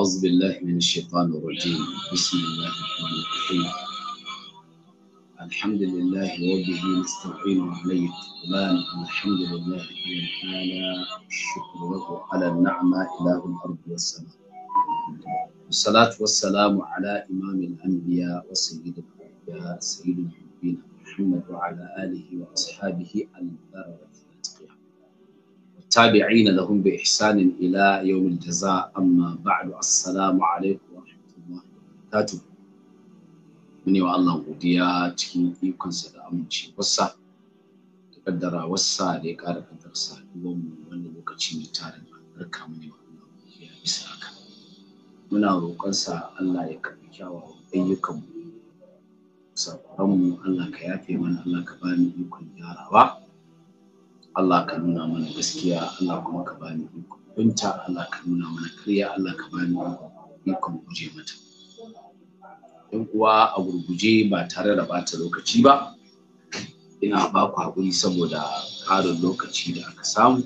أعوذ بالله من الشيطان الرجيم بسم الله الرحمن الرحيم الحمد لله وبه نستعين عليه القرآن الحمد لله تعالى الشكر له على النعمة إله الأرض والسماء والصلاة والسلام على إمام الأنبياء وسيد الأنبياء سيد المحبين محمد وعلى آله وأصحابه البررة والتابعين لهم بإحسان إلى يوم الجزاء أما بعد السلام عليكم ورحمة الله وبركاته من يو الله وديا cikin ikonsa da amincewarsa da kaddara wasa da ya ƙara kaddarsa duwan mu wani lokaci mai tarin albarka mu ne wa Allah ya bisa haka muna roƙonsa Allah ya karɓi kyawawan ayyukan mu sabaran Allah ka yafe mana Allah ka bani ikon gyarawa Allah ka nuna mana gaskiya Allah kuma ka bani iko binta Allah ka nuna mana kariya Allah ka bani ikon guje mata yan uwa a gurguje ba tare da bata lokaci ba ina ba ku haƙuri saboda ƙarin lokaci da aka samu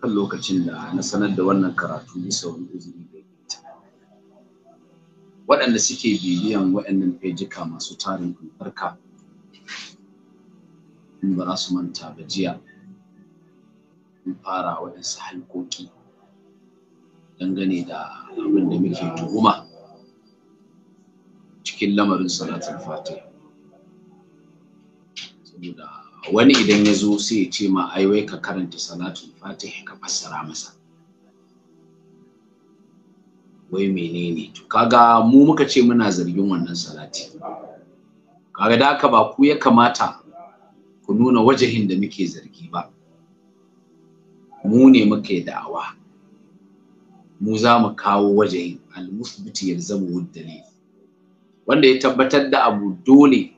kan lokacin da na sanar da wannan karatu bisa wani izini da ita waɗanda suke bibiyan waɗannan fejika masu tarin albarka in ba za su manta ba jiya mun fara waɗansu halkoki dangane da abin da muke tuhuma cikin lamarin salatul fatiha saboda wani idan ya zo sai ya ce ma ai wai ka karanta salatul fatih ka fassara masa wai menene to kaga mu muka ce muna zargin wannan salati kaga da haka ba ku ya kamata ku nuna wajahin da muke zargi ba mu ne muke da'awa mu za mu kawo wajen almusbiti ya zama dalil wanda ya tabbatar da abu dole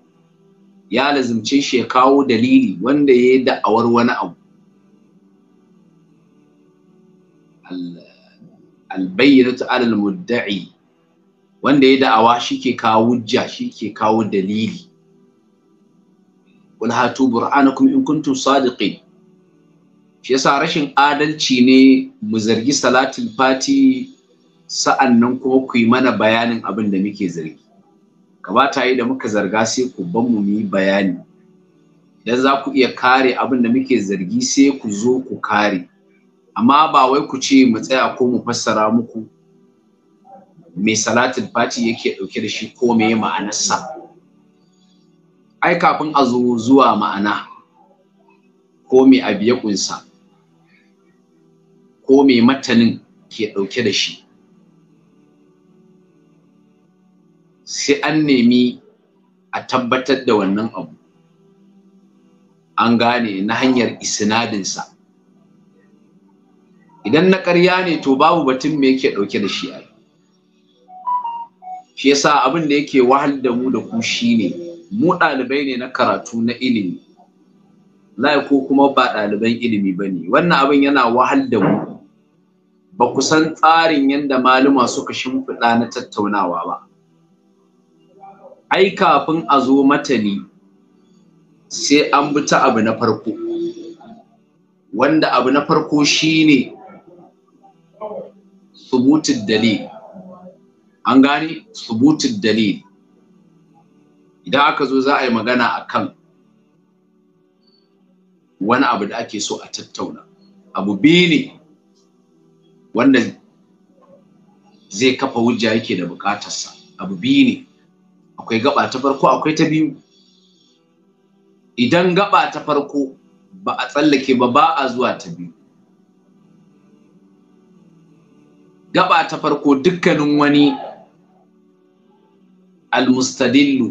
ya lazimce shi ya kawo dalili wanda ya yi da'awar wani abu albayyanatu alal mudda'i wanda ya da'awa shi ke kawo hujja shi ke kawo dalili qul hatu burhanakum in kuntum sadiqin shi yasa rashin adalci ne mu zargi salatin fati sa'an nan kuma ku yi mana bayanin abin da muke zargi kamata yi da muka zarga sai ku ban mu yi bayani idan za ku iya kare abin da muke zargi sai ku zo ku kare amma ba wai ku ce mu tsaya ko mu fassara muku me salatul fati yake dauke da shi ko me ma'anarsa ai kafin a zo zuwa ma'ana ko me abu ya kunsa ko mai matanin ke ɗauke da shi sai an nemi a tabbatar da wannan abu an gane na hanyar isinadinsa idan na ƙarya ne to babu batun me yake ɗauke da shi ai shi yasa abin da yake wahal da mu da ku shine mu ɗalibai ne na karatu na ilimi lai ko kuma ba ɗaliban ilimi ba ne wannan abin yana wahal da mu ba ku san tsarin yadda maluma suka shimfiɗa na tattaunawa ba ai kafin a zo matani sai an bi ta abu na farko wanda abu na farko shine subutul dalil an gane subutul dalil idan aka zo za a yi magana akan wani abu da ake so a tattauna abu biyu ne wanda zai kafa hujja yake da bukatarsa abu biyu ne akwai gaba ta farko akwai ta biyu idan gaba ta farko ba a tsallake ba ba a zuwa ta biyu gaba ta farko dukkanin wani almustadillu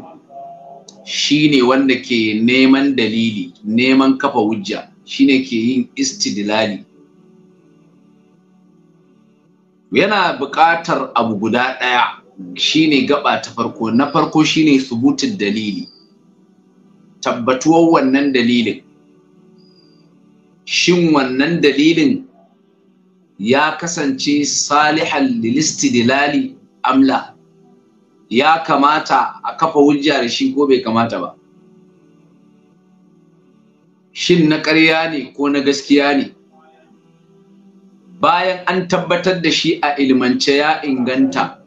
shine wanda ke neman dalili neman kafa hujja shine ke yin istidlali yana buƙatar abu guda ɗaya shine gaba ta farko na farko shine subutun dalili tabbatuwar wannan dalilin shin wannan dalilin ya kasance salihan lilistidilali amla ya kamata a kafa hujja da shi ko bai kamata ba shin na ƙarya ne ko na gaskiya ne bayan an tabbatar da shi a ilimance ya inganta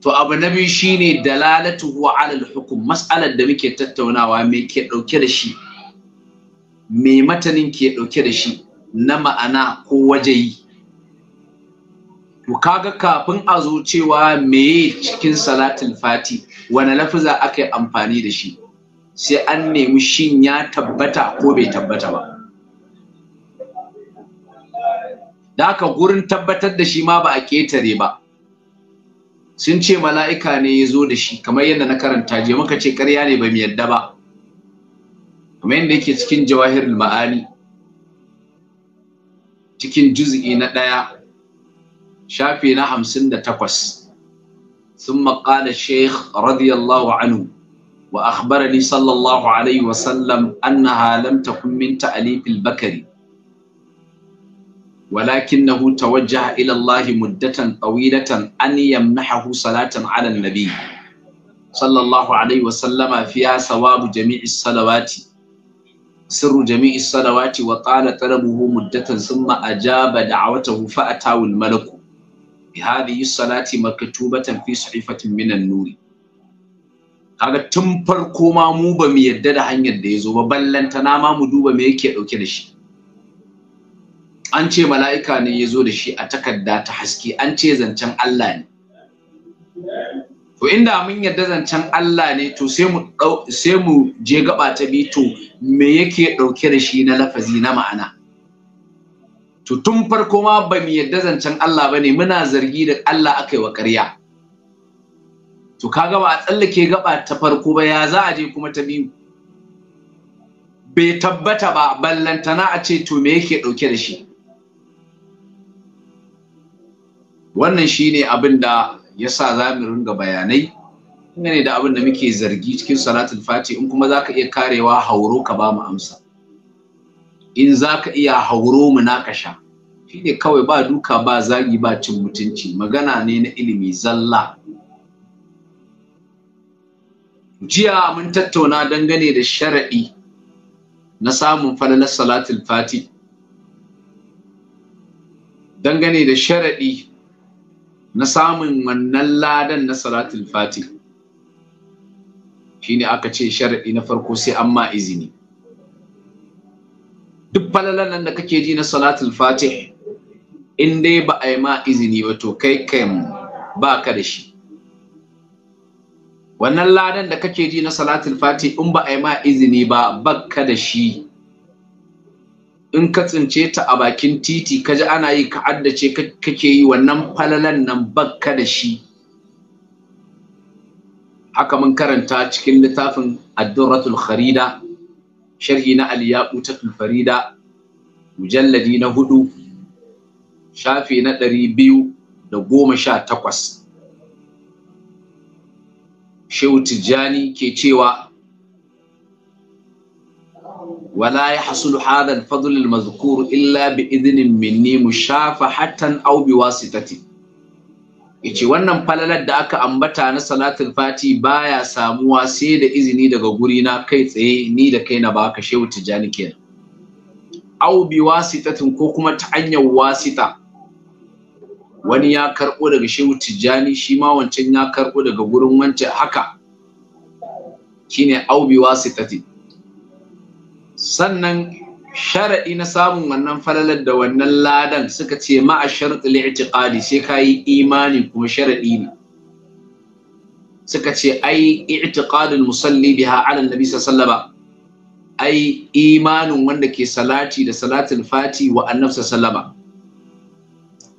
to abu na biyu shine dalalatuhu ala al hukum mas'alar da muke tattaunawa me ke dauke da shi me matanin ke dauke da shi na ma'ana ko waje. to kaga kafin a zo cewa meye cikin salatul fati wani lafiza aka yi amfani da shi sai an nemi shin ya tabbata ko bai tabbata ba da haka gurin tabbatar da shi ma ba a ƙetare ba sun ce mala'ika ne ya zo da shi kamar yadda na karanta je muka ce ƙarya ne ba mu yadda ba kamar yadda yake cikin jawahirul ma'ani cikin juz'i na ɗaya shafi na hamsin da takwas sun maƙala sheikh radiyallahu anhu wa akhbarani sallallahu alaihi wasallam annaha lam takun min ta'alifil bakari ولكنه توجه إلى الله مدة طويلة أن يمنحه صلاة على النبي صلى الله عليه وسلم فيها ثواب جميع الصلوات سر جميع الصلوات وطال طلبه مدة ثم أجاب دعوته فأتاه الملك بهذه الصلاة مكتوبة في صحيفة من النور kaga tun farko ma mu ba mu yadda da hanyar da ya zo ba ballantana ma mu duba me yake dauke da shi an ce mala'ika ne ya zo da shi a takarda ta haske an ce zancen Allah ne to inda mun yarda zancen Allah ne to sai mu je gaba ta bi to me yake ɗauke da shi na lafazi na ma'ana to tun farko ma ba mu yarda zancen Allah ba ne muna zargi da Allah aka yi wa ƙarya to kaga ba a tsallake gaba ta farko ba ya za a je kuma ta biyu bai tabbata ba ballantana a ce to me yake ɗauke da shi wannan shine abin da ya sa za mu ringa bayanai ne da abin da muke zargi cikin salatul fati in kuma za ka iya karewa hauro ka ba mu amsa in za ka iya hauro mu naƙasha shi ne kawai ba duka ba zagi ba cin mutunci magana ne na ilimi zalla jiya mun tattauna dangane da shara'i na samun falalar salatul fati dangane da sharaɗi na samun wannan ladan na salatul fati shine aka ce sharaɗi na farko sai an ma izini duk falalan nan da kake ji na salatul fati in dai ba a yi ma izini ba to kai kai ba ka da shi wannan ladan da kake ji na salatul fati in ba a yi ma izini ba ba ka da shi in ka tsince ta a bakin titi kaji ana yi ka addace kake yi wannan falalan nan bakka da shi haka mun karanta cikin littafin addurratul kharida sharhi na ta farida mujalladi na hudu shafi na ɗari biyu da goma sha takwas shehu tijjani ke cewa ولا يحصل هذا الفضل المذكور إلا بإذن مني مشافحة أو بواسطتي yace wannan falalar da aka ambata na salatul fati baya samuwa sai da izini daga guri na kai tsaye ni da kai na baka shehu tijani kenan au bi wasitatin ko kuma ta hanyar wasita wani ya karbo daga shehu tijani shi ma wancan ya karbo daga gurin wancan haka shine au bi wasitatin sannan shara'i na samun wannan falalar da wannan ladan suka ce ma'a sharɗi li'tiqadi sai ka yi imani kuma sharaɗi ne suka ce ai i'tiqadul musalli biha ala nabi sallallahu ai imanin wanda ke salati da salatul fati wa annabi sallallahu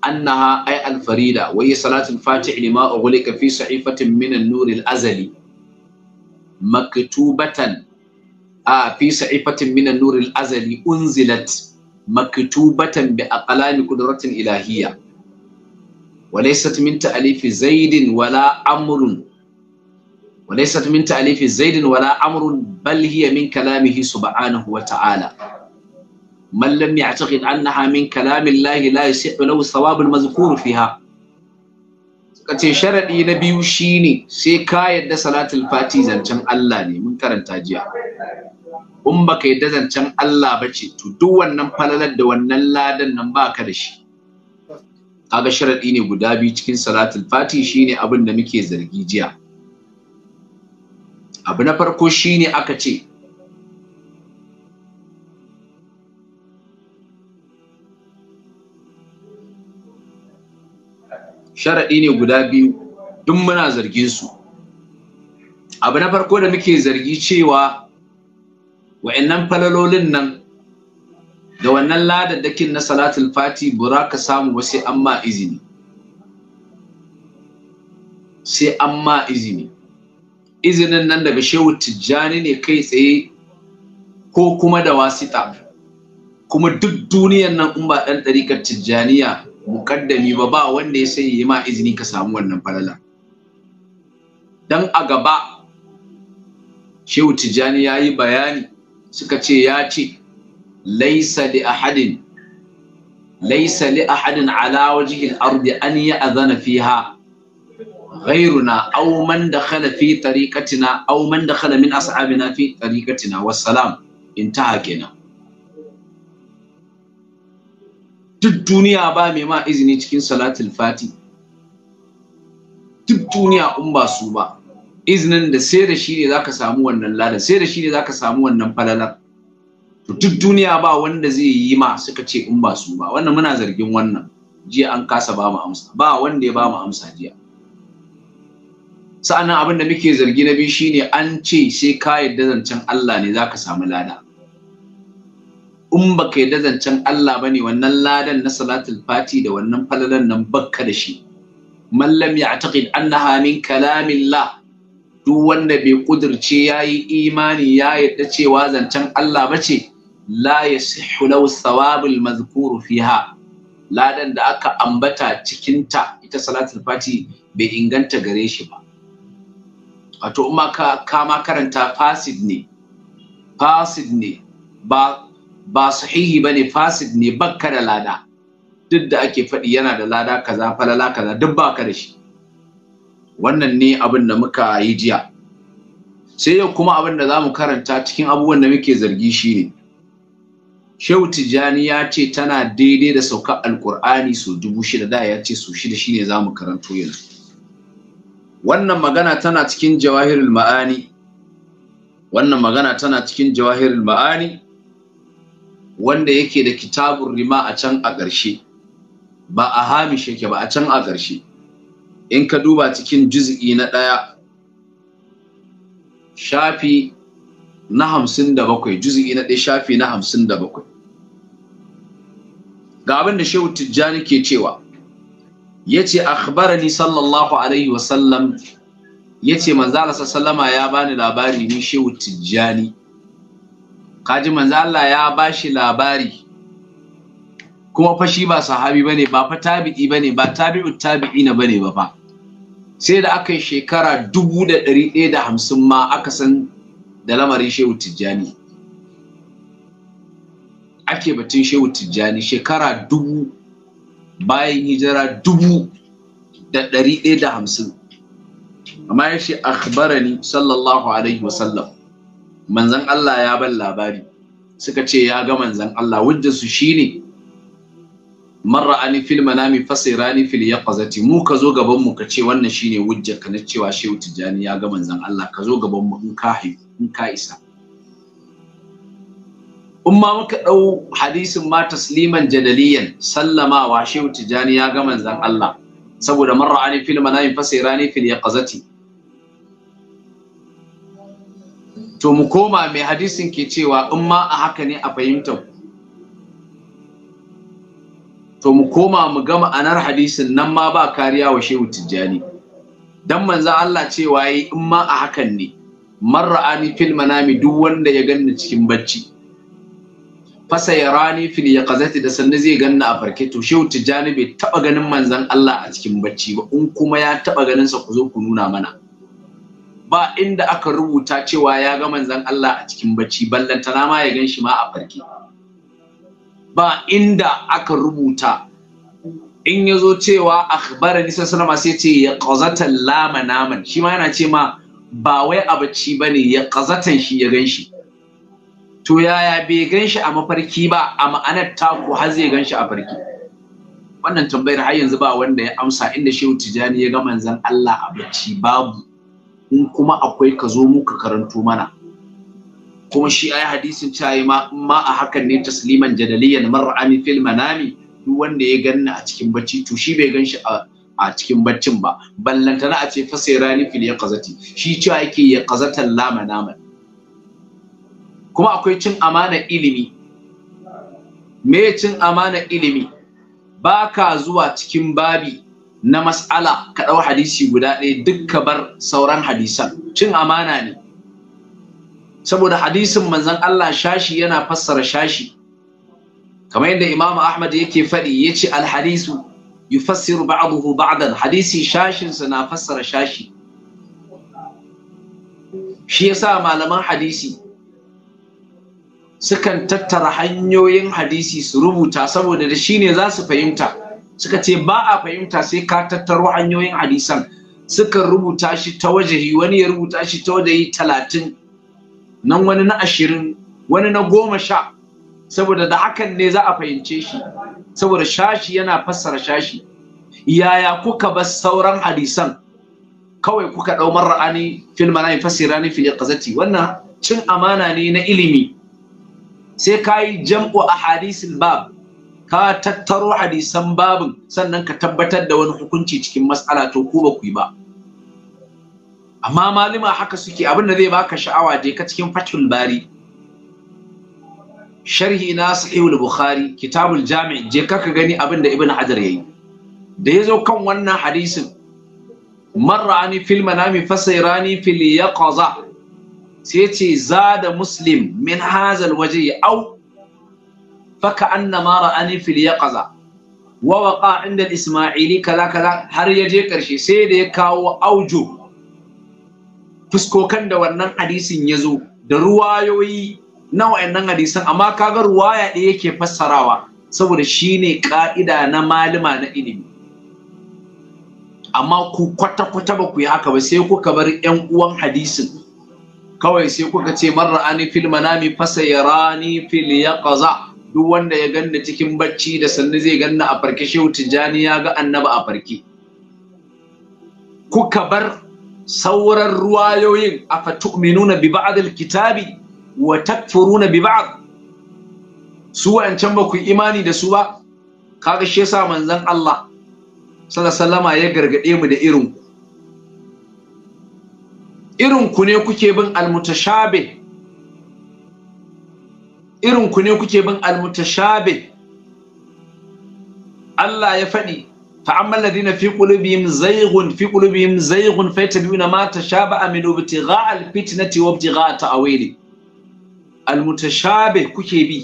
annaha ai alfarida wa yi salatul fati ma ughliqa fi sahifatin min an-nur azali maktubatan a fi sa'ifatin minan nuril azali unzilat maktubatan bi aqlami ilahiyya وليست من تأليف زيد ولا أمر وليست من تأليف زيد ولا أمر بل هي من كلامه سبحانه وتعالى من لم يعتقد أنها من كلام الله لا يصح له الثواب المذكور فيها kace sharadi na biyu shine sai ka yadda salatul fati zancen Allah ne mun karanta jiya in baka yadda zancen Allah ba ce to duk wannan falalar da wannan ladan nan baka da shi kaga sharadi ne guda biyu cikin salatul fati shine abin da muke zargi jiya abu na farko shine aka ce sharaɗi ne guda biyu duk muna zargin su abu na farko da muke zargi cewa wa'annan falalolin nan da wannan ladadakin na salatul fati bura ka samu ba sai an ma izini sai an izini izinin nan daga shehu tijjani ne kai tsaye ko kuma da wasita kuma duk duniyan nan in ba ɗan ɗarikar tijjaniya mukaddami ba ba wanda ya sanya ma izini ka samu wannan falala dan a gaba shehu tijjani ya yi bayani suka ce ya ce laisa li ahadin laisa li ahadin ala wajhil ardi an ya'zana fiha ghayruna aw man dakhala fi tariqatina aw man dakhala min ashabina fi tariqatina wassalam intaha kenan duk duniya ba mai ma izini cikin salatul fati duk duniya in ba su ba iznin da sai da shi ne za ka samu wannan ladan sai da shi ne za ka samu wannan falalar to duk duniya ba wanda zai yi ma suka ce in ba su ba wannan muna zargin wannan jiya an kasa ba mu amsa ba wanda ya ba mu amsa jiya sa'annan abin da muke zargi na biyu shine an ce sai ka yadda zancen Allah ne za ka samu lada in ba ka yadda zancen Allah ba ne wannan ladan na salatul fati da wannan falalar nan bakka da shi Mallam, lam ya'taqid annaha min kalamillah duk wanda bai kudirce ya yi imani ya yadda cewa zancen Allah ba ce la ya lau sawabul mazkuru fiha ladan da aka ambata cikinta ita salatul fati bai inganta gare shi ba wato umma ka kama karanta fasid ne fasid ne ba ba sahihi bane fasid ne bakka da lada duk da ake faɗi yana da lada kaza falala kaza duk baka da shi wannan ne abin da muka yi jiya sai yau kuma abin da za mu karanta cikin abubuwan da muke zargi shi ne shehu tijjani ya ce tana daidai da sauka alkur'ani su dubu shida da ya ce su shida shine za mu karanto yanzu wannan magana tana cikin jawahirul ma'ani wannan magana tana cikin jawahirul ma'ani wanda yake da kitabun rima a can a ƙarshe ba a hamish yake ba a can a ƙarshe in ka duba cikin juz'i na ɗaya shafi na hamsin da bakwai juz'i na ɗaya shafi na hamsin da bakwai ga abin da shehu tijjani ke cewa ya ce akhbarani sallallahu alaihi wasallam ya ce manzala sallama ya bani labari ni shehu tijjani kaji manzala ya ba shi labari kuma fa shi ba sahabi bane ba fa tabi'i bane ba tabi'ut tabi'ina bane ba fa sai da aka yi shekara dubu da ɗari ɗaya da hamsin ma aka san da lamarin shehu tijjani ake batun shehu tijjani shekara dubu bayan hijira dubu da ɗari ɗaya da hamsin amma ya ce akhbarani sallallahu alaihi wasallam manzan Allah ya ban labari suka ce ya ga manzan Allah wajen su shine marra ani fil manami fasirani fil yaqazati mu ka zo gaban mu ka ce wannan shine hujjar ka na cewa shehu tijani ya ga manzon Allah ka zo gaban mu in ka in ka isa in ma muka dau hadisin ma tasliman jadaliyan wa shehu tijani ya ga manzon Allah saboda marra ani fil manami fasirani fil yaqazati to mu koma mai hadisin ke cewa in ma a haka ne a fahimtar to mu koma mu gama ma'anar hadisin nan ma ba kariya wa shehu tijjani dan manzo Allah ce waye in ma a hakan ne ani fil manami duk wanda ya ganni cikin bacci fasa ya fil ya kazati da sanne zai ganni a farke to shehu tijjani bai taba ganin manzan Allah a cikin bacci ba in kuma ya taba ganin sa ku zo ku nuna mana ba inda aka rubuta cewa ya ga manzan Allah a cikin bacci ballantana ma ya gan shi ma a farke ba inda aka rubuta in ya zo cewa akhbara ni sallallahu yace sai ce ya qazatan lama naman shi ma yana ce ma ba wai abaci bane ya qazatan shi ya ganshi to yaya bai ganshi a mafarki ba a ma'anar taku har zai ganshi a farki wannan tambayar har yanzu ba wanda ya amsa inda shehu tijani ya ga manzon Allah a babu in kuma akwai ka zo muka karanto mana kuma shi ai hadisin cewa ma ma a hakan ne tasliman jadaliyan mar'ani fil manami duk wanda ya ganni a cikin bacci to shi bai ganshi a a cikin baccin ba ballantana a ce ni fil yaqazati shi cewa yake yaqazatan la manama kuma akwai cin amana ilimi me cin amana ilimi baka zuwa cikin babi na mas'ala ka dau hadisi guda ɗaya duk ka bar sauran hadisan cin amana ne saboda hadisin manzon Allah shashi yana fassara shashi kamar yadda Imam Ahmad yake faɗi yace al-hadisu yufassiru ba'dahu ba'dan hadisi shashin sa na fassara shashi shi yasa malaman hadisi sukan tattara hanyoyin hadisi su rubuta saboda da shi ne za su fahimta suka ce ba a fahimta sai ka tattaro hanyoyin hadisan suka rubuta shi ta wajahi wani ya rubuta shi ta wajahi talatin nan wani na ashirin wani na goma sha saboda da hakan ne za a fahimce shi saboda shashi yana fassara shashi yaya kuka bar sauran hadisan kawai kuka ɗau marra'ani fil manami fasirani fil iqazati wannan cin amana ne na ilimi sai ka yi jam'u a hadisin bab ka tattaro hadisan babin sannan ka tabbatar da wani hukunci cikin mas'ala to ku ba ku yi ba amma malima haka suke abin da zai baka sha'awa je ka cikin fatul bari sharhi na sahihul bukhari kitabul jami' je ka gani abin da ibn hajar yayi da yazo kan wannan hadisin marra ani fil manami fasairani fil yaqaza sai ce zada muslim min hazal waje au faka anna mara ani fil yaqaza wa waqa inda al-isma'ili kala kala har yaje karshe sai da ya kawo aujo fuskokan da wannan hadisin ya zo da ruwayoyi na wa'annan hadisan amma kaga ruwaya ɗaya yake fassarawa saboda shi ne ƙa'ida na malima na ilimi amma ku kwata-kwata ba ku yi haka ba sai kuka bar 'yan uwan hadisin kawai sai kuka ce marar ani fil manami fasa ya rani fil ya ƙaza duk wanda ya ganna cikin bacci da sannu zai ganna a farke shehu tijjani ya ga annaba a farke kuka bar sauran ruwayoyin afatu'minuna bi ba'dil kitabi wa takfuruna bi ba'd su wancan ba ku imani da su ba kaga shi yasa manzon Allah sallallahu ya gargade mu da irin ku irin ku ne kuke bin almutashabe irin ku ne kuke bin almutashabe Allah ya faɗi fa amma alladhina fi qulubihim zayghun fi qulubihim zayghun fayattabi'una ma tashabaha min ibtigha'a alfitnati wa ibtigha'a ta'wili almutashabih kuke bi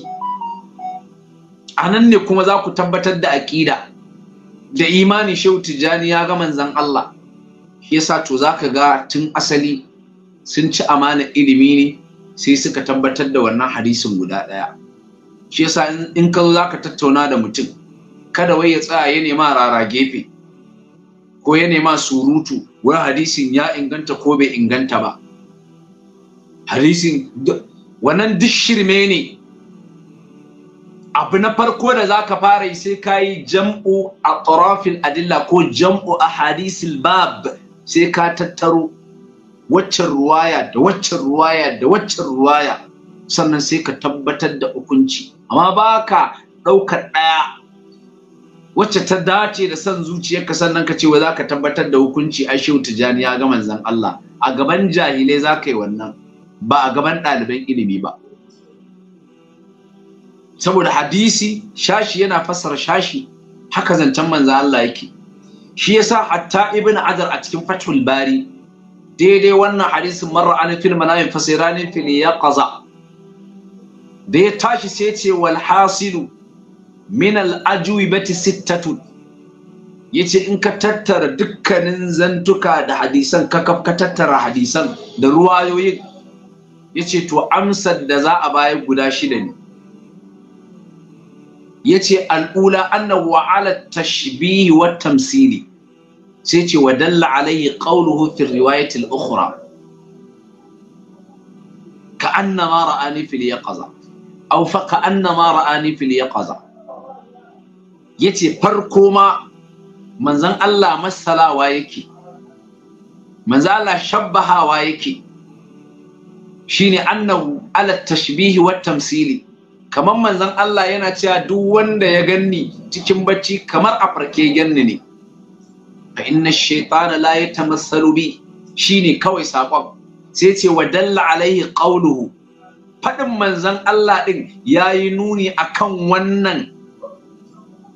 anan ne kuma za ku tabbatar da aqida da imani shehu tijani ya ga manzan Allah yasa to zaka ga tun asali sun ci amana ilimi ne sai suka tabbatar da wannan hadisin guda ɗaya? shi yasa in ka zo zaka tattauna da mutum kada wai ya tsaya ya nema rara gefe ko ya nema surutu wai hadisin ya inganta ko bai inganta ba hadisin wannan duk shirme ne abu na farko da za ka fara yi sai ka yi jam'u a tarafin adilla ko jam'u a hadisil bab sai ka tattaro waccan ruwaya da waccan ruwaya da waccan ruwaya sannan sai ka tabbatar da hukunci amma ba ka ɗaukar ɗaya wacce ta dace da san zuciyarka sannan ka ce za zaka tabbatar da hukunci ai shehu tijani ya ga manzon Allah a gaban jahilai zaka yi wannan ba a gaban ɗaliban ilimi ba saboda hadisi shashi yana fassara shashi haka zancen manzon Allah yake shi yasa hatta ibn adar a cikin fathul bari daidai wannan hadisin marra an fil manami fasiranin ya kaza. da ya tashi sai ce wal hasilu min al-ajwibati Ya yace in ka tattara dukkanin zantuka da hadisan ka ka tattara hadisan da ruwayoyin yace to amsar da za a baya guda shida ne yace al'ula annahu wa ala tashbihi wa tamsili sai ce wa dalla alayhi qawluhu fi riwayati ukhra ka annama ra'ani fil yaqaza aw fa ka annama ra'ani fil yaqaza yace farko ma manzon Allah masalawa yake manzon Allah shabbahawa yake shine annahu ala tashbihi wa tamsili kamar manzon Allah yana cewa duk wanda ya ganni cikin bacci kamar a farke ganni ne fa inna shaytana la yatamassalu bi shine kawai sakon sai ce wa dalla alaihi qawluhu fadin manzon Allah din yayi nuni akan wannan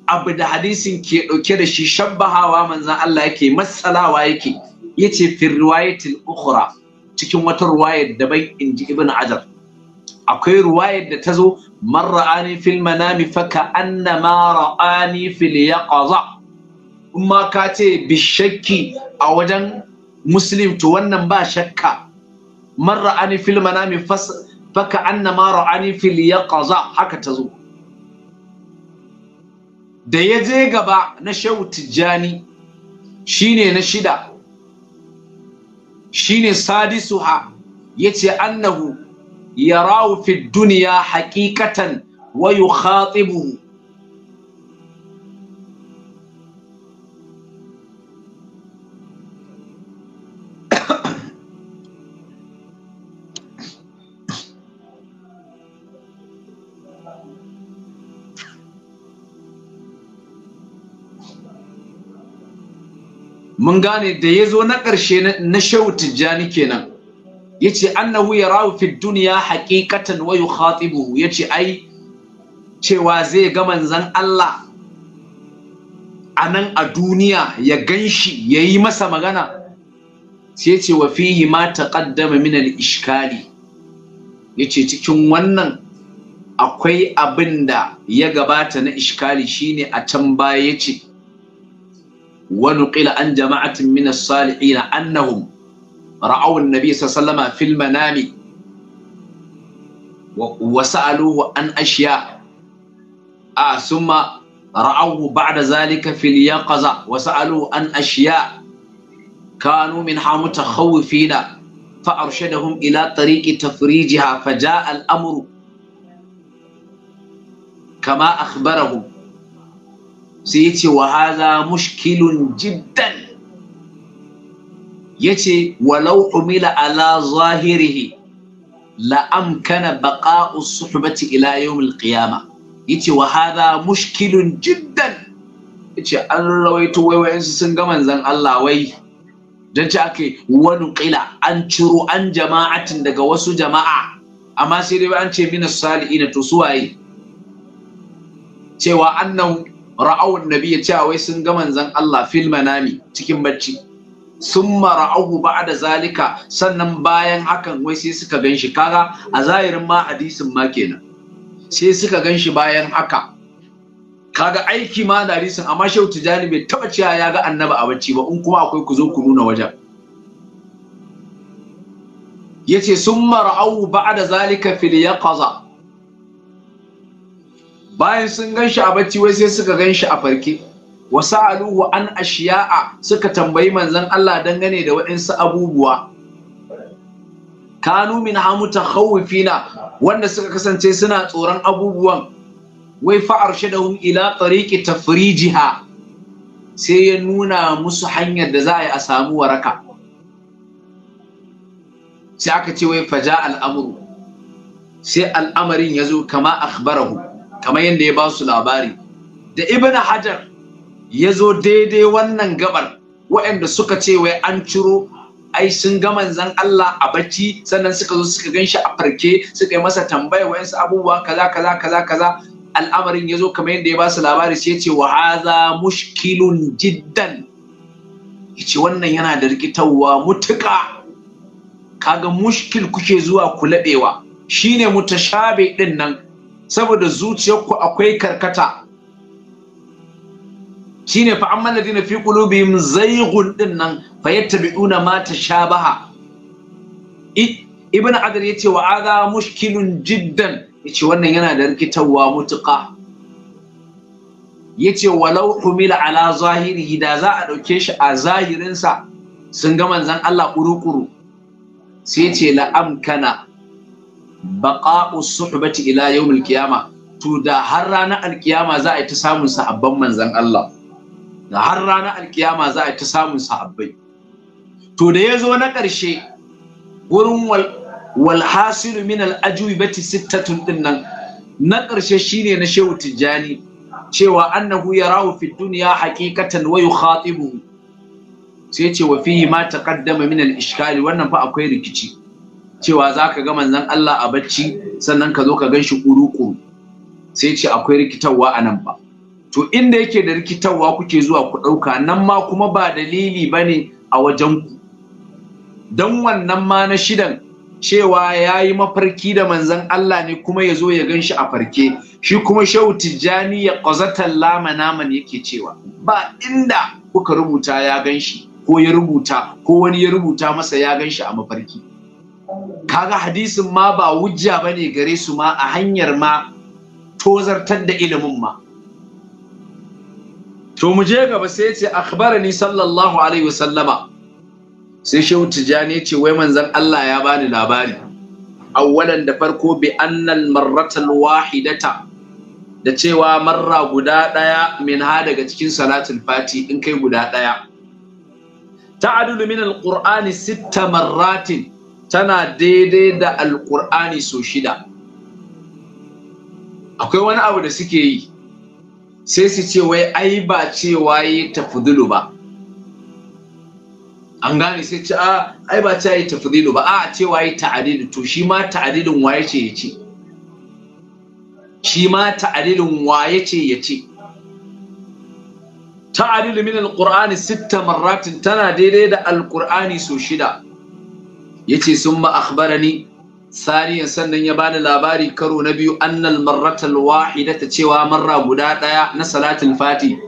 abu da hadisin ke ɗauke da shi shabbahawa manzan Allah yake matsalawa yake yace fi riwayatil ukhra cikin wata ruwayar daban inji ibn ajar akwai ruwayar da ta zo marra'ani fil manami faka anna ma ra'ani fil yaqaza in ma ka ce bishakki a wajen muslim to wannan ba shakka marra'ani fil manami faka anna ma ra'ani fil yaqaza haka ta zo da ya je gaba na shehu tijjani ne na shida shine sadisuha yace annahu rawu fi duniya haqiqatan wa yukhatibuhu mun gane da ya zo na ƙarshe na shehu tijjani kenan ya ce annahu ya rawu fi duniya haƙiƙatan wayu, buhu ya ce ai cewa zai ga manzan Allah a nan a duniya ya gan shi ya yi masa magana sai ce wa fihi ma taqaddama min al-ishkali yace cikin wannan akwai abin da ya gabata na ishkali shine a can baya yace ونقل عن جماعة من الصالحين أنهم رأوا النبي صلى الله عليه وسلم في المنام وسألوه عن أشياء آه ثم رأوه بعد ذلك في اليقظة وسألوه عن أشياء كانوا منها متخوفين فأرشدهم إلى طريق تفريجها فجاء الأمر كما أخبرهم sai ya ce wa haza mushkilun jiddan ya ce walau umila ala zahirihi la'amkana baƙa'u suhbati ila yawmil ya yace wa haza mushkilun jiddan ce an rawaito waiwayensu sun ga zan Allah wai Danci ci ake wani ƙila an ciro an jama'atin daga wasu jama'a amma sai dai an ce mina Sali'ina to suwaye cewa nan. ra'awun nabi ya a wai sun ga manzon Allah fil manami cikin bacci Sun ba a da zalika sannan bayan hakan wai sai suka gan shi. kaga a zahirin ma hadisin ma kenan sai suka gan shi bayan haka kaga aiki ma da hadisin amma shehu tijani bai taba cewa ya ga annabi a bacci ba in kuma akwai ku zo ku nuna wajen yace sun ra'ahu ba'da zalika fil yaqaza bayan sun gan shi a bacci wai sai suka gan shi a farke wa sa'aluhu an ashiya'a suka tambayi manzon Allah dangane da waɗansu abubuwa kanu min hamuta khawfina wanda suka kasance suna tsoron abubuwan wai fa arshadahum ila tariqi tafrijiha sai ya nuna musu hanyar da za a yi a samu waraka sai aka ce wai faja al'amuru sai al'amarin ya zo kama akhbarahu kamar yadda ya ba su labari da ibn hajar ya zo daidai wannan gabar waɗanda suka ce wai an ciro ai sun ga manzan Allah a bacci sannan suka zo suka gan shi a farke suka yi masa tambaya wayansu abubuwa kaza kaza kaza kaza al'amarin ya zo kamar yadda ya ba su labari sai ya ce wa haza mushkilun jiddan ce wannan yana da rikitarwa mutuka kaga mushkil kuke zuwa ku laɓewa shine mutashabi din nan saboda zuciyarku akwai karkata shine fa da ladina fi qulubihim zayghun din nan fa yattabi'una ma baha. ibn adar yace wa aga mushkilun jiddan yace wannan yana da rikitarwa Ya yace walau humila ala zahirihi da za a dauke shi a zahirinsa sun ga manzan Allah kuru-kuru sai yace la amkana baqa'u suhbati ila yawmil qiyama to da har ranar alkiyama za a yi ta samun sahabban manzan Allah da har ranar alkiyama za a yi ta samun sahabbai to da ya zo na ƙarshe wurin walhasilu min al'ajubati sittatun din nan na ƙarshe shine na shehu tijjani cewa annahu yarahu fi dunya haqiqatan wa yukhatibu sai ce wa ma taqaddama min al-ishkali wannan fa akwai rikici cewa za ka ga manzan Allah a bacci sannan ka zo ka gan shi sai ce akwai rikitarwa a nan ba to inda yake da rikitarwa kuke zuwa ku ɗauka nan ma kuma ba dalili bane a wajen ku don wannan ma na shidan cewa ya yi mafarki da manzan Allah ne kuma ya zo ya gan shi a farke shi kuma shau tijjani ya ƙwazatar lama naman yake cewa ba inda kuka rubuta ya gan shi ko ya rubuta ko wani ya rubuta masa ya gan shi a mafarki kaga hadisin ma ba wujja bane gare su ma a hanyar ma tozartar da ilimin ma to mu je gaba sai ce akhbarani sallallahu alaihi wasallama sai shehu tijani ce wai manzon Allah ya bani labari awwalan da farko bi annal marratal wahidata da cewa marra guda daya min ha daga cikin salatul fati in kai guda daya ta'adulu min alqur'ani sitta marratin tana daidai da alkur'ani so shida akwai wani abu da suke yi sai su ce wai ai ba cewa yi tafudulu ba an gane sai ce a ah, ai ba cewa yi tafudulu ba a cewa yi ta'adidu to shi ma ta'adilin waye ce ya ce shi ma ta'adilin waye ce ya ce ta'adilu min Alƙur'ani sitta marratin tana daidai da Alƙur'ani so shida Ya ce yace ma'akbara ni. saniyan sannan ya bani labari karo na biyu annal marratal ta cewa marra guda ɗaya na Salatin fati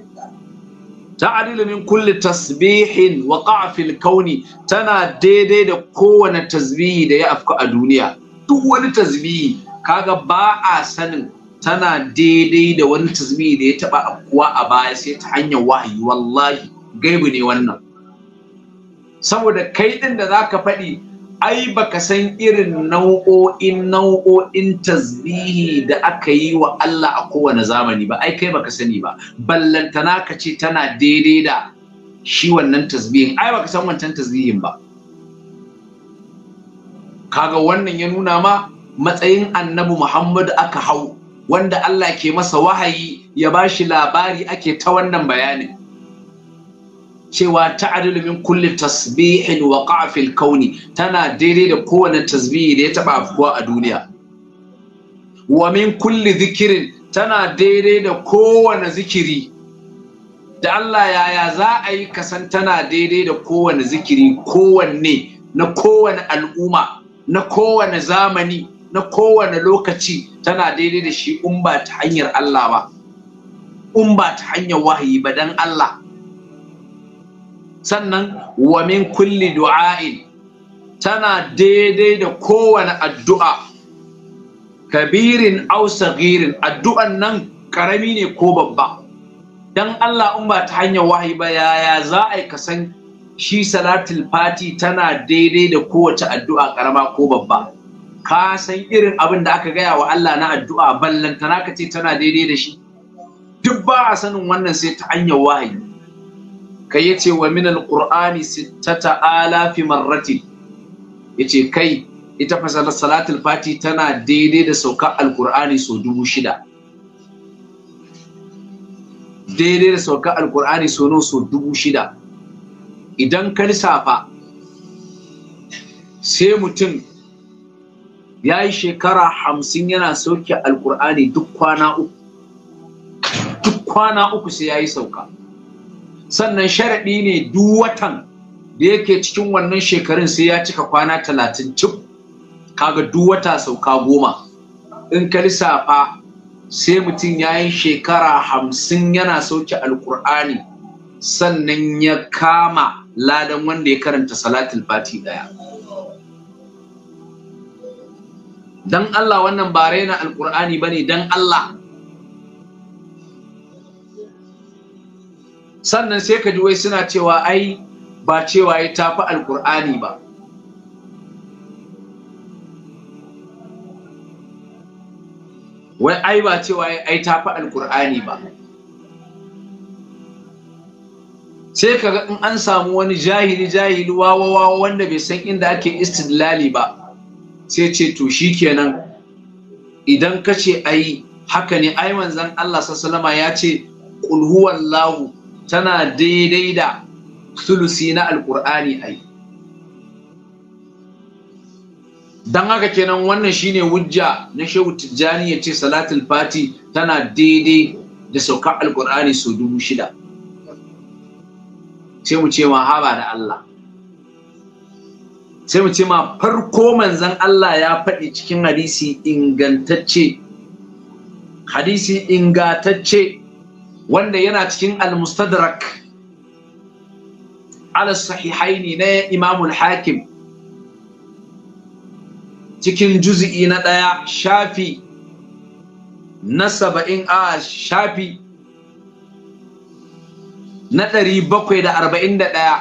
ta min kulli tasbihin wa ƙafil kauni tana daidai da kowane tasbihi da ya afka a duniya duk wani tasbihi kaga ba a sanin tana daidai da wani tasbihi da ya taba afkuwa a baya sai ta hanyar wahayi wallahi gaibu ne wannan saboda kai din da ka faɗi ai baka san irin nau'o'in nau'o'in tasbihi da aka yi wa Allah a kowane zamani ba ai kai baka sani ba ballantana ka ce tana daidai da shi wannan tasbihin ai baka san wancan tasbihin ba kaga wannan ya nuna ma matsayin annabi Muhammad aka hau wanda Allah ke masa wahayi ya bashi labari ake ta wannan bayanin cewa ta'adilu min kulli tasbihin wa kauni tana daidai da kowane tasbihi da ya taba afkuwa a duniya wa min kulli zikirin tana daidai da kowane zikiri da Allah yaya za a yi kasan tana daidai da kowane zikiri kowanne na kowane al'umma na kowane zamani na kowane lokaci tana daidai da shi in ta hanyar Allah ba in ba ta hanyar wahayi ba dan Allah sannan wa min kulli du'a'in tana daidai da kowane addu'a kabirin aw sagirin addu'an nan karami ne ko babba dan Allah in ba ta hanyar wahayi ba yaya za a yi kasan shi salatul fati tana daidai da kowace addu'a karama ko babba ka san irin abin da aka gaya wa Allah na addu'a ballantana ka ce tana daidai da shi duk ba a sanin wannan sai ta hanyar wahayi kai yace wa min alqur'ani sittata alafi ya yace kai ita fasalar salatul fati tana daidai da sauka alqur'ani so dubu shida daidai da sauka alqur'ani so no so dubu shida idan ka lissafa sai mutum ya yi shekara hamsin yana sauke alkur'ani duk kwana uku duk kwana uku sai ya yi sauka sannan sharaɗi ne duk watan da yake cikin wannan shekarun sai ya cika kwana talatin cif kaga duk wata sauka goma in ka lissafa sai mutum ya yi shekara hamsin yana sauke alkur'ani sannan ya kama ladan wanda ya karanta salatul fati ɗaya dan Allah wannan ba raina alkur'ani ba ne dan Allah sannan sai ka ji wai suna cewa ai ba cewa ya tafi alkur'ani ba wai ai ba cewa ya tafi alkur'ani ba sai ka ga in an samu wani jahili jahili wawa wanda bai san inda ake istidlali ba sai ce to shikenan idan ka ce ai haka ne ai manzon Allah Sallama ya ce qul tana daidai da sulusi na alkur'ani yi don haka kenan wannan shine wujja na shehu tijjani ya ce salatul fati tana daidai da saukar Alƙur'ani sau dubu shida sai mu ce ma haba da Allah sai mu ce ma farko manzan Allah ya faɗi cikin hadisi ingantacce hadisi ingantacce wanda yana cikin al-mustadrak ala sahihaini na imamul hakim cikin juzi'i na ɗaya shafi na saba'in a shafi na ɗari bakwai da arba'in da ɗaya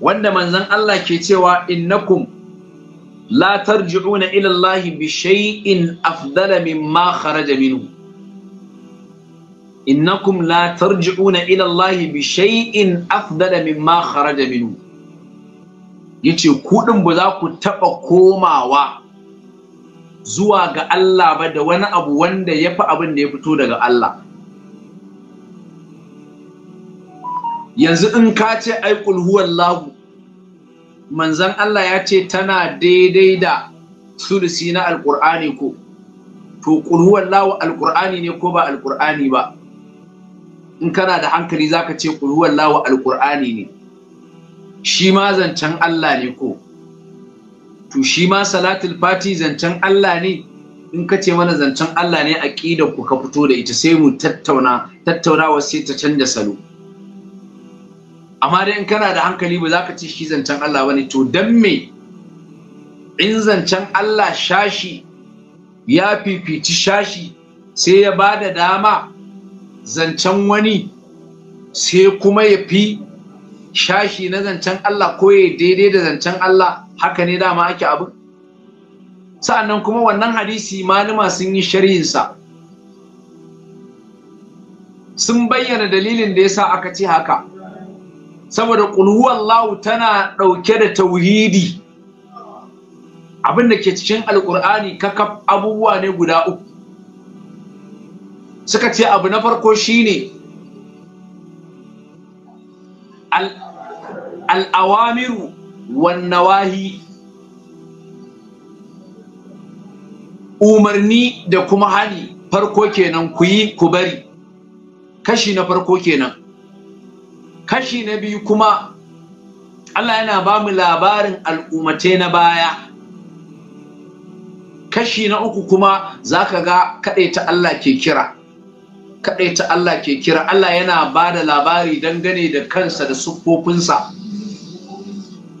wanda manzan Allah ke cewa innakum la tarji'una ila Allah bi shay'in afdala mimma kharaja minhu innakum la na ila Allah bi shay'in afdala mimma kharaja minhu yace ku din ba za ku taɓa komawa zuwa ga Allah ba da wani abu wanda yafi abin da ya fito daga Allah yanzu in kace ce ai qul huwallahu manzon Allah ya ce tana daidai da sulusi na alqur'ani ko to qul huwallahu alqur'ani ne ko ba Alƙur'ani ba in kana da hankali zaka ce qul huwallahu alqur'ani ne shi ma zancen Allah ne ko to shi ma salatul fati zancen Allah ne in ka ce mana zancen Allah ne aqidar ku ka fito da ita sai mu tattauna tattaunawa sai ta canza salo amma dai in kana da hankali ba za ka ce shi zancen Allah bane to dan me in zancen Allah shashi ya fifici shashi sai ya ba da dama zancen wani sai kuma ya fi shashi na zancen Allah ko ya daidai da zancen Allah haka ne dama ake abin sa'annan kuma wannan hadisi malama sun yi shari'insa sun bayyana dalilin da ya sa aka ce haka saboda Allahu tana ɗauke da tauhidi abin da ke cikin alƙur'ani kakaf abubuwa ne guda uku suka ce abu na farko shine al'awamiru wan nawahi umarni da kuma hali farko kenan ku yi ku bari kashi na farko kenan kashi na biyu kuma Allah yana ba mu labarin al'ummate na baya kashi na uku kuma za ka ga kaɗai ta Allah ke kira kaɗai ta Allah ke kira Allah yana ba da labari dangane da kansa da siffofinsa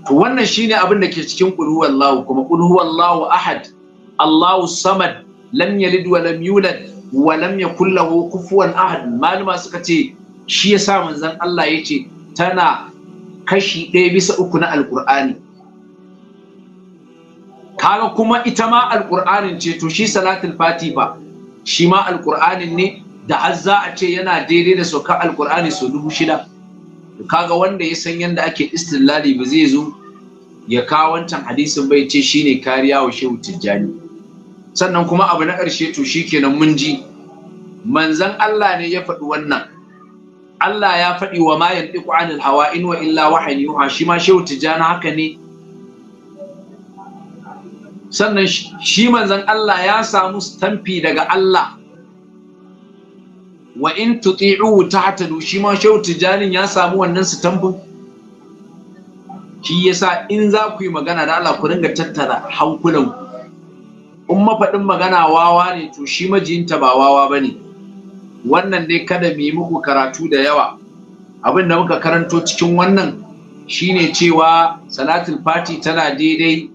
to wannan shine abin da ke cikin ƙulhuwallahu kuma ƙulhuwallahu ahad Allahu samad lam yalid wa lam yulad wa lam yakul lahu kufuwan ahad malama suka ce shi yasa manzon Allah yace tana kashi ɗaya bisa uku na alƙur'ani kaga kuma ita ma alƙur'anin ce to shi salatul Fatifa shima shi ma ne da har za a ce yana daidai da saukar alkur'ani sau dubu shida Da kaga wanda ya san yadda ake istilali ba zai zo ya kawo wancan hadisin bai ce shine kariya wa shehu tijjani sannan kuma abu na ƙarshe to shikenan mun ji manzan Allah ne ya faɗi wannan Allah ya faɗi wa ma yantiqu anil hawa in wa illa wahayin yuha shi ma shehu tijjani haka ne sannan shi manzan Allah ya samu stamfi daga Allah wa in tuti'u tahtadu shi ma shehu tijanin ya samu wannan su sitambin shi yasa in za ku yi magana da Allah ku ringa tattara hankulan ku in mafaɗin magana wawa ne to shi majiyinta ba wawa bane wannan dai kada mu yi muku karatu da yawa abin da muka karanto cikin wannan shine cewa salatul fati tana daidai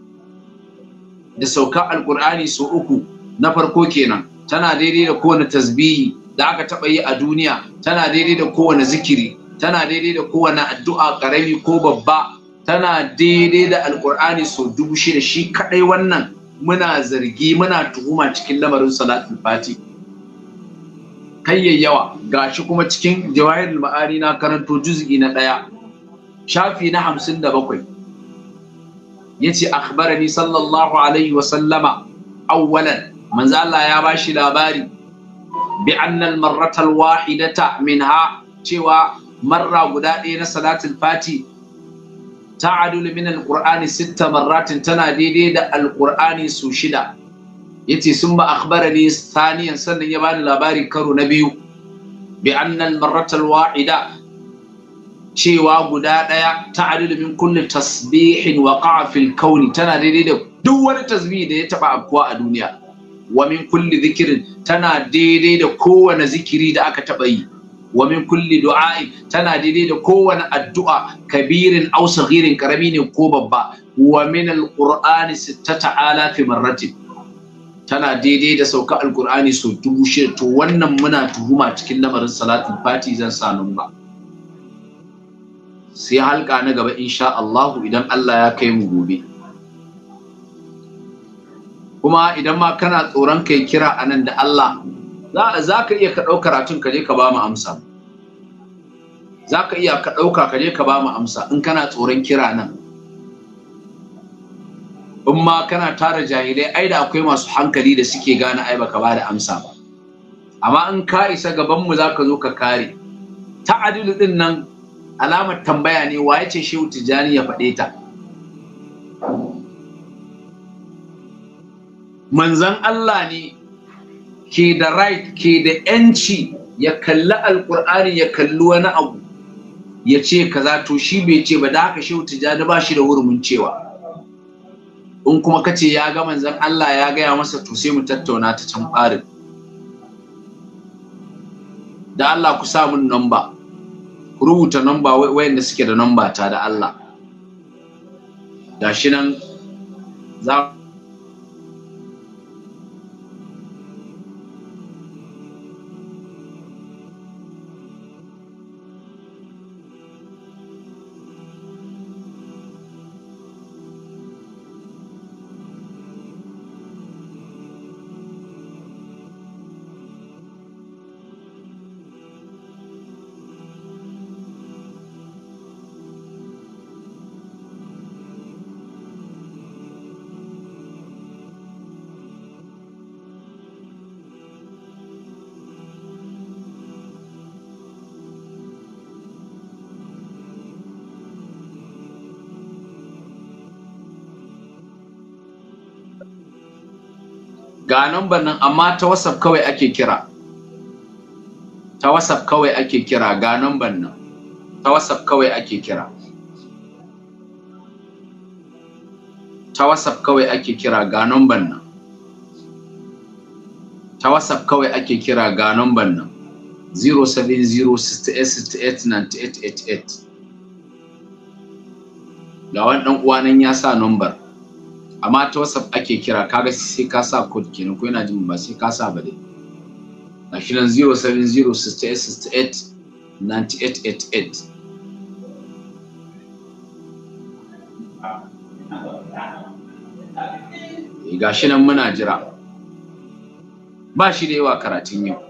da saukar alkur'ani sau uku na farko kenan tana daidai da kowane tasbihi da aka taɓa yi a duniya tana daidai da kowane zikiri tana daidai da kowane addu'a ƙarami ko babba tana daidai da alƙur'ani sau dubu shida shi kaɗai wannan muna zargi muna tuhuma cikin lamarin salatul fati kai yawa gashi kuma cikin jawahirul ma'ani na karanto juz'i na ɗaya shafi na hamsin da bakwai yace akhbarani sallallahu alaihi wa sallama awwalan manzo Allah ya bashi labari bi annal marratal wahidata minha cewa marra guda ɗaya na salatul fati ta'adul min alqur'ani sitta marratin tana daidai da alqur'ani su shida yace sun ba akhbarani saniyan sannan ya bani labari karo na biyu bi annal marratal wahida cewa guda ɗaya ta'adul min kulli tasbihin waqa'a fil kauni tana daidai da duk wani tasbihi da ya taba afkuwa a duniya wa min zikirin tana daidai da kowane zikiri da aka taɓa yi wa min du'a'i tana daidai da kowane addu'a kabirin aw saghirin karami ne ko babba wa min alqur'ani sittata alafi marratin tana daidai da sauka alqur'ani so dubu shida to wannan muna tuhuma cikin lamarin salatin fati zan sa ba sai halka na gaba insha Allah idan Allah ya kai mu gobe kuma idan ma kana tsoron kai kira a nan da Allah za ka iya ka ɗau karatun ka je ka ba mu amsa za ka iya ka ɗauka ka je ka ba mu amsa in kana tsoron kira nan in ma kana tara jahilai ai da akwai masu hankali da suke gane ai baka ba da amsa ba amma in ka isa gaban mu zaka zo ka kare ta'adilu din nan alamar tambaya ne wa ce shehu tijani ya faɗe ta manzan Allah ne ke da right ke da yanci ya kalli Alƙur'ani ya kalli wani abu ya ce za to shi bai ce ba da haka shehu da ba shi da hurumin cewa in kuma ka ce ya ga manzan Allah ya gaya masa to sai mu tattauna ta can ɓarin da Allah ku sa namba ku rubuta namba wayanda suke da namba ta da Allah da shi nan za ga number nan amma ta whatsapp kawai ake kira ta whatsapp kawai ake kira ga number nan ta whatsapp kawai ake kira ta whatsapp kawai ake kira ga number nan ta whatsapp kawai ake kira ga number nan 07068689888 ga wani ɗan uwa nan ya sa number amma ta whatsapp ake kira kaga sai ka sa code kenan ko yana jin ba sai ka sa ba dai a 9888. Eh, ga shi nan muna jira ba shi da yawa karatun yau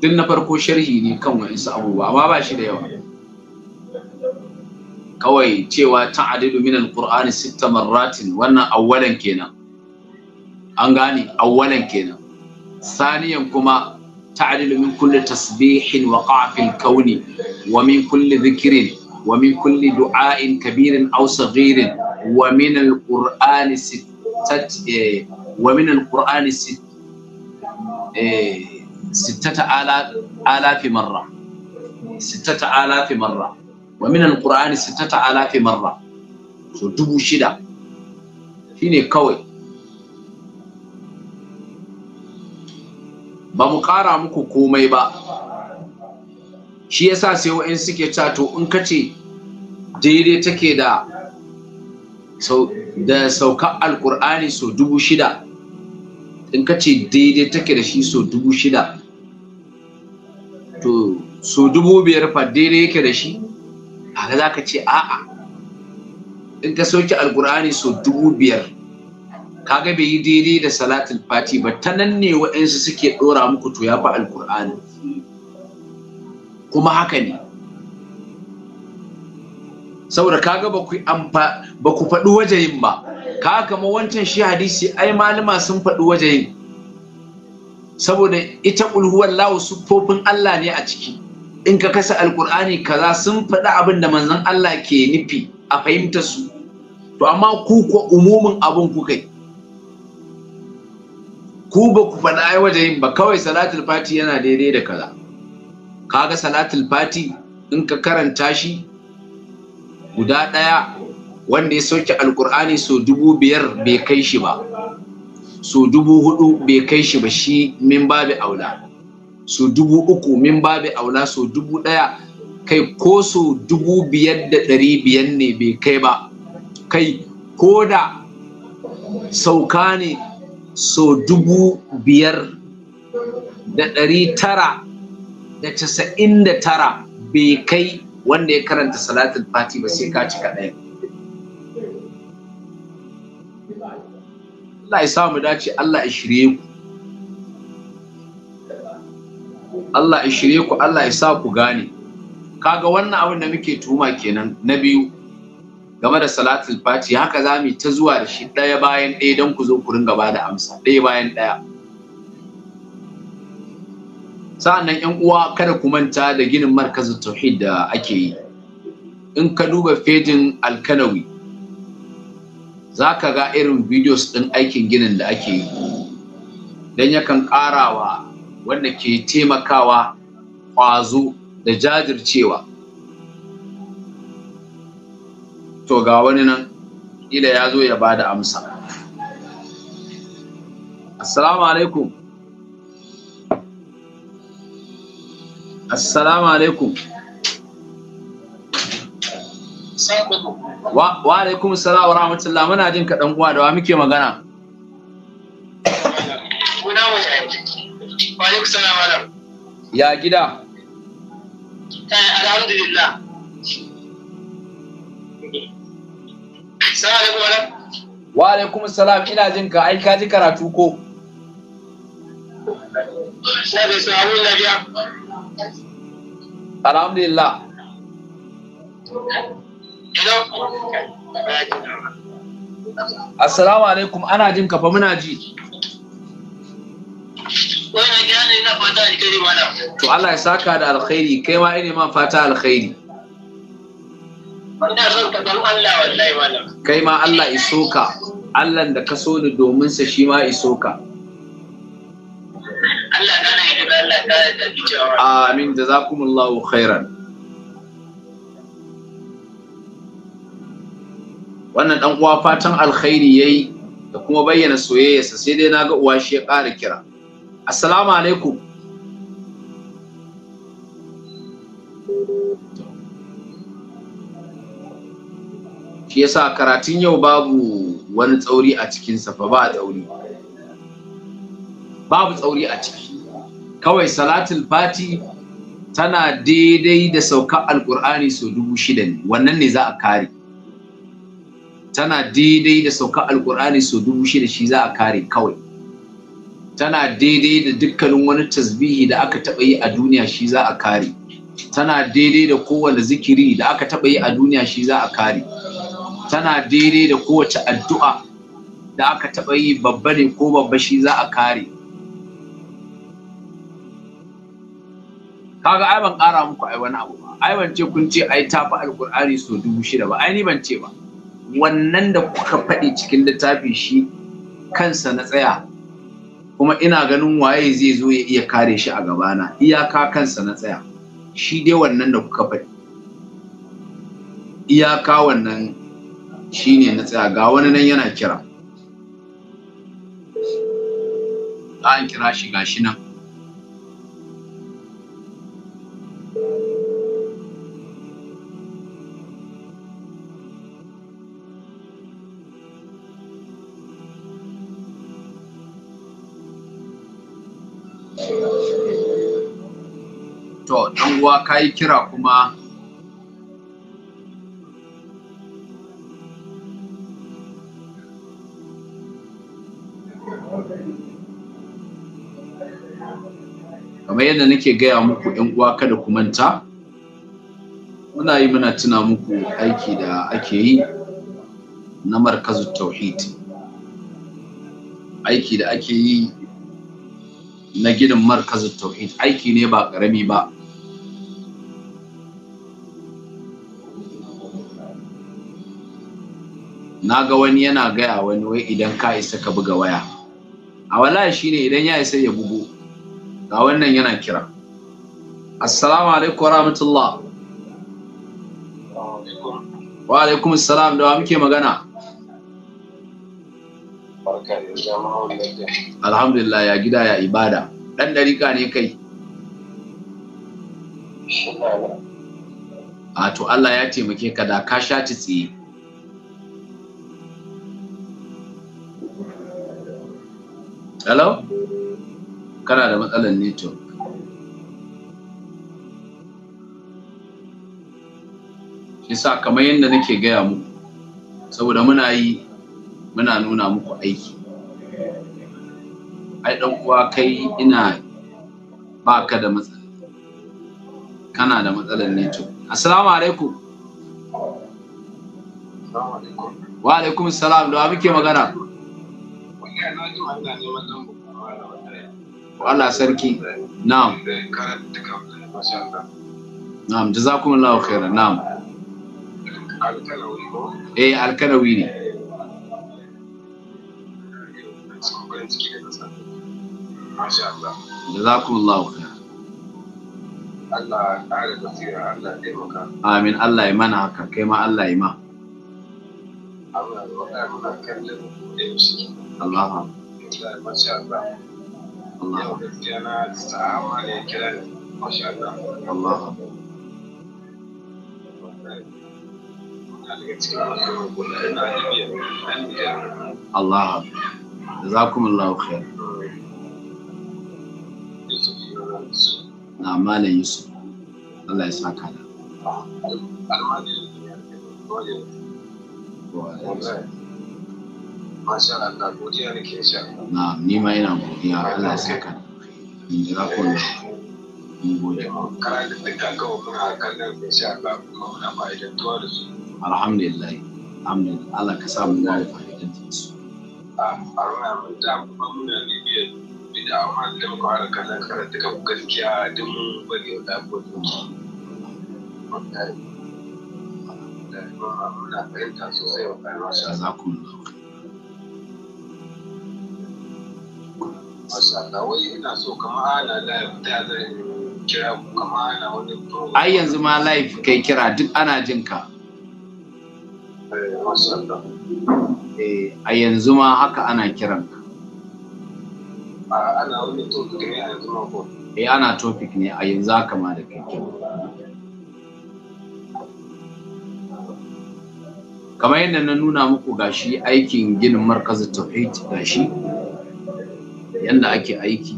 duk na farko sharhi ne kan wa'insu abubuwa amma ba shi da yawa kawai cewa ta'adilu min qur'ani sita marratin wannan awwalan kenan an gane awwalan kenan saniyan kuma ta'adilu min kulli tasbihin wa fil kauni wa min kulli dhikrin wa min kulli du'ain kabirin aw saghirin wa min alqur'ani sittat eh, wa min eh, sittata ala fi marra sittata alafi marra wa min alqur'ani sittata alafi marra so dubu shida shine kawai ba mu ƙara muku komai ba shi yasa sai wa'in suke to in ka ce daidai take da da saukar alkur'ani so dubu shida in ka ce daidai take da shi so dubu shida to so dubu biyar fa daidai yake da shi a za ka ce a'a in ka soke alkur'ani so dubu biyar kaga bai yi daidai da salatul fati ba ta nan ne waɗansu suke ɗora muku to ya fi alkur'ani kuma haka ne saboda kaga ba ku ba ku faɗi wajayin ba kaga kama wancan shi hadisi ai malama sun faɗi wajayin saboda ita ulhuwar lawo siffofin Allah ne a ciki in ka kasa alkur'ani kaza sun faɗi abin da manzon Allah ke nufi a fahimta su to amma ku ko umumin abin ku kai ku ba ku faɗi ai yin ba kawai salatul fati yana daidai da kaza kaga salatul fati in ka karanta shi guda ɗaya wanda ya sauke alkur'ani so dubu biyar bai kai shi ba so dubu hudu bai kai shi ba shi min babu aula so dubu uku min babi aula so dubu ɗaya kai ko so dubu biyar da ɗari biyar ne bai kai ba kai ko da sauka ne so dubu biyar da ɗari tara da casa'in da tara bai kai wanda ya karanta salatul fati ba sai ka cika ɗaya Allah ya samu dace Allah ya shirye ku Allah ya shirye ku Allah ya sa ku gane kaga wannan abin da muke tuma kenan na biyu game da salatul fati haka za mu ta zuwa da shi ɗaya bayan ɗaya don ku zo ku ringa ba da amsa ɗaya bayan ɗaya sa'annan yan uwa kada ku manta da ginin markazin tauhid da ake yi in ka duba fejin alkanawi za ka ga irin videos ɗin aikin ginin da ake yi don yakan ƙarawa wanda ke taimakawa ƙwazo da jajircewa to ga wani nan ila ya zo ya ba da amsa assalamu alaikum assalamu alaikum wa alaikum salam wa rahmatullah muna jin ka dan uwa da wa muke magana alaikum Ya gida? Eh, Wa alaikum salam ina jin ka ai ka karatu ko? su Alhamdulillah. Assalamu alaikum ana jin ka fa muna ji. ina fata alkhairi to Allah ya saka da alkhairi kai ma ina ma fata alkhairi ina son ka Allah wallahi malam kai ma Allah iso ka Allah da ka so ni domin sa shi ma iso ka Allah na yi da Allah ka da cewa amin jazakumullahu khairan wannan dan uwa fatan alkhairi yayi da kuma bayyana soyayyarsa sai dai naga uwa shi ya ƙara kira assalamu alaikum shi yasa karatun yau babu wani tsauri a cikinsa fa ba tsauri babu tsauri a ciki kawai salatul fati tana daidai da saukar alkur'ani sau dubu shida ne wannan ne za a kare tana daidai da saukar alkur'ani sau dubu shida shi za a kare kawai tana daidai da dukkanin wani tasbihi da aka taɓa yi a duniya shi za a kare tana daidai da kowane zikiri da aka taɓa yi a duniya shi za a kare tana daidai da kowace addu'a da aka taɓa yi babba ne ko babba shi za a kare kaga ai ban ƙara muku ai wani abu ba ai ban ce kun ce ai tafi alƙur'ani so dubu shida ba ai ni ban ce ba wannan da kuka faɗi cikin littafi shi kansa na tsaya kuma ina ganin waye zai zo ya iya kare shi a gabana iyaka kansa na tsaya shi dai wannan da kuka faɗi iyaka wannan shi ne na tsaya ga wani nan yana kira za kira shi ga shi nan uwa ka yi kira kuma kamar yadda nake gaya muku yan uwa kada ku manta muna yi muna tuna muku aiki da ake yi na markazu tauhid aiki da ake yi na gidan markazu tauhid aiki ne ba ƙarami ba na ga wani yana gaya wani wai idan ka isa ka buga waya a wallahi shine idan ya isa ya bugu ga wannan yana kira assalamu alaikum wa rahmatullah wa alaikum assalam da muke magana alhamdulillah ya gida ya ibada dan dariƙa ne kai a to Allah ya taimake ka da ka sha ci tsiye hello kana da matsalar network yasa kamar yadda nake gaya muku saboda muna yi muna nuna muku aiki ai dan uwa kai ina baka da matsala kana da matsalar network assalamu alaikum wa alaikum salam da muke magana wala sarki na'am na'am jazakum Allah khairan na'am eh alkalawi ne جزاكم الله خير الله تعالى كثير الله يبارك امين الله يمنعك كما الله يمنعك ababen kallon da yau suke. Allah. Ila masha Allah. Allah. na sa'awa Allah. Allah. Allah Yusuf Allah ya saka da Masha Allah, godiya da ke sha. Na, ni ma yana godiya, Allah ya saka. In jira kun mun gode. Karatun kallon kuma su. Alhamdulillah. Alhamdulillah. Allah ka sa mu da fa'idantuwa su. A mun da kuma muna bibiyar bida amma da muka fara kallon karatun gaskiya duk mun bari da abubuwan. muna ai yanzu ma live kai kira duk ana jin ka eh, a yanzu ma haka ana kiran ka ne a yanzu ma ana topic ne a yanzu haka ma da kai kira kamar yadda na nuna muku gashi aikin ginin markazin tauhid gashi yadda ake aiki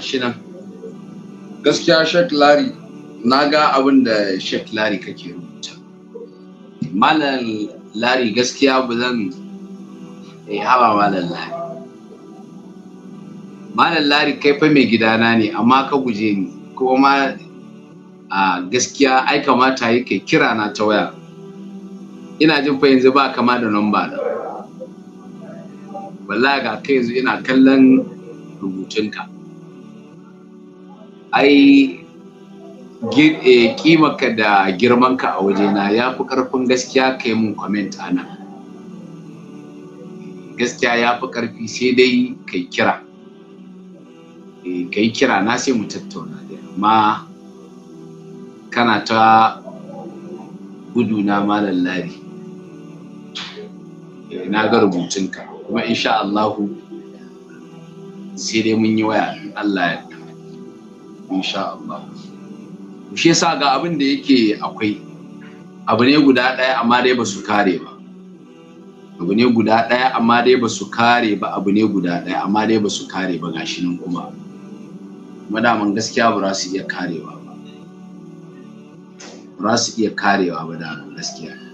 shi nan gaskiya shek lari na ga abin da shek lari kake rubuta malam lari gaskiya ba zan eh, haba malam lari malam lari kai fa mai gidana ne amma ka guje ni kuma ma a gaskiya ai kamata yi kai kira na ta waya ina jin fa yanzu ba kama da namba na wallahi ga kai yanzu ina kallon rubutunka ai kimaka eh, da girmanka a wajena ya fi ƙarfin gaskiya kai mun comment a nan gaskiya ya fi ƙarfi sai dai kai kira eh, kai kira na sai mu tattauna da amma kana ta gudu na malam lari eh, na ga rubutunka kuma insha Allahu sai dai mun yi waya Allah ya insha Allah shi yasa ga abin da yake akwai abu ne guda ɗaya amma dai ba su kare ba abu ne guda ɗaya amma dai ba su kare ba abu ne guda ɗaya amma dai ba su kare ba gashi nan kuma madaman gaskiya ba za su iya karewa ba ba za su iya karewa ba da gaskiya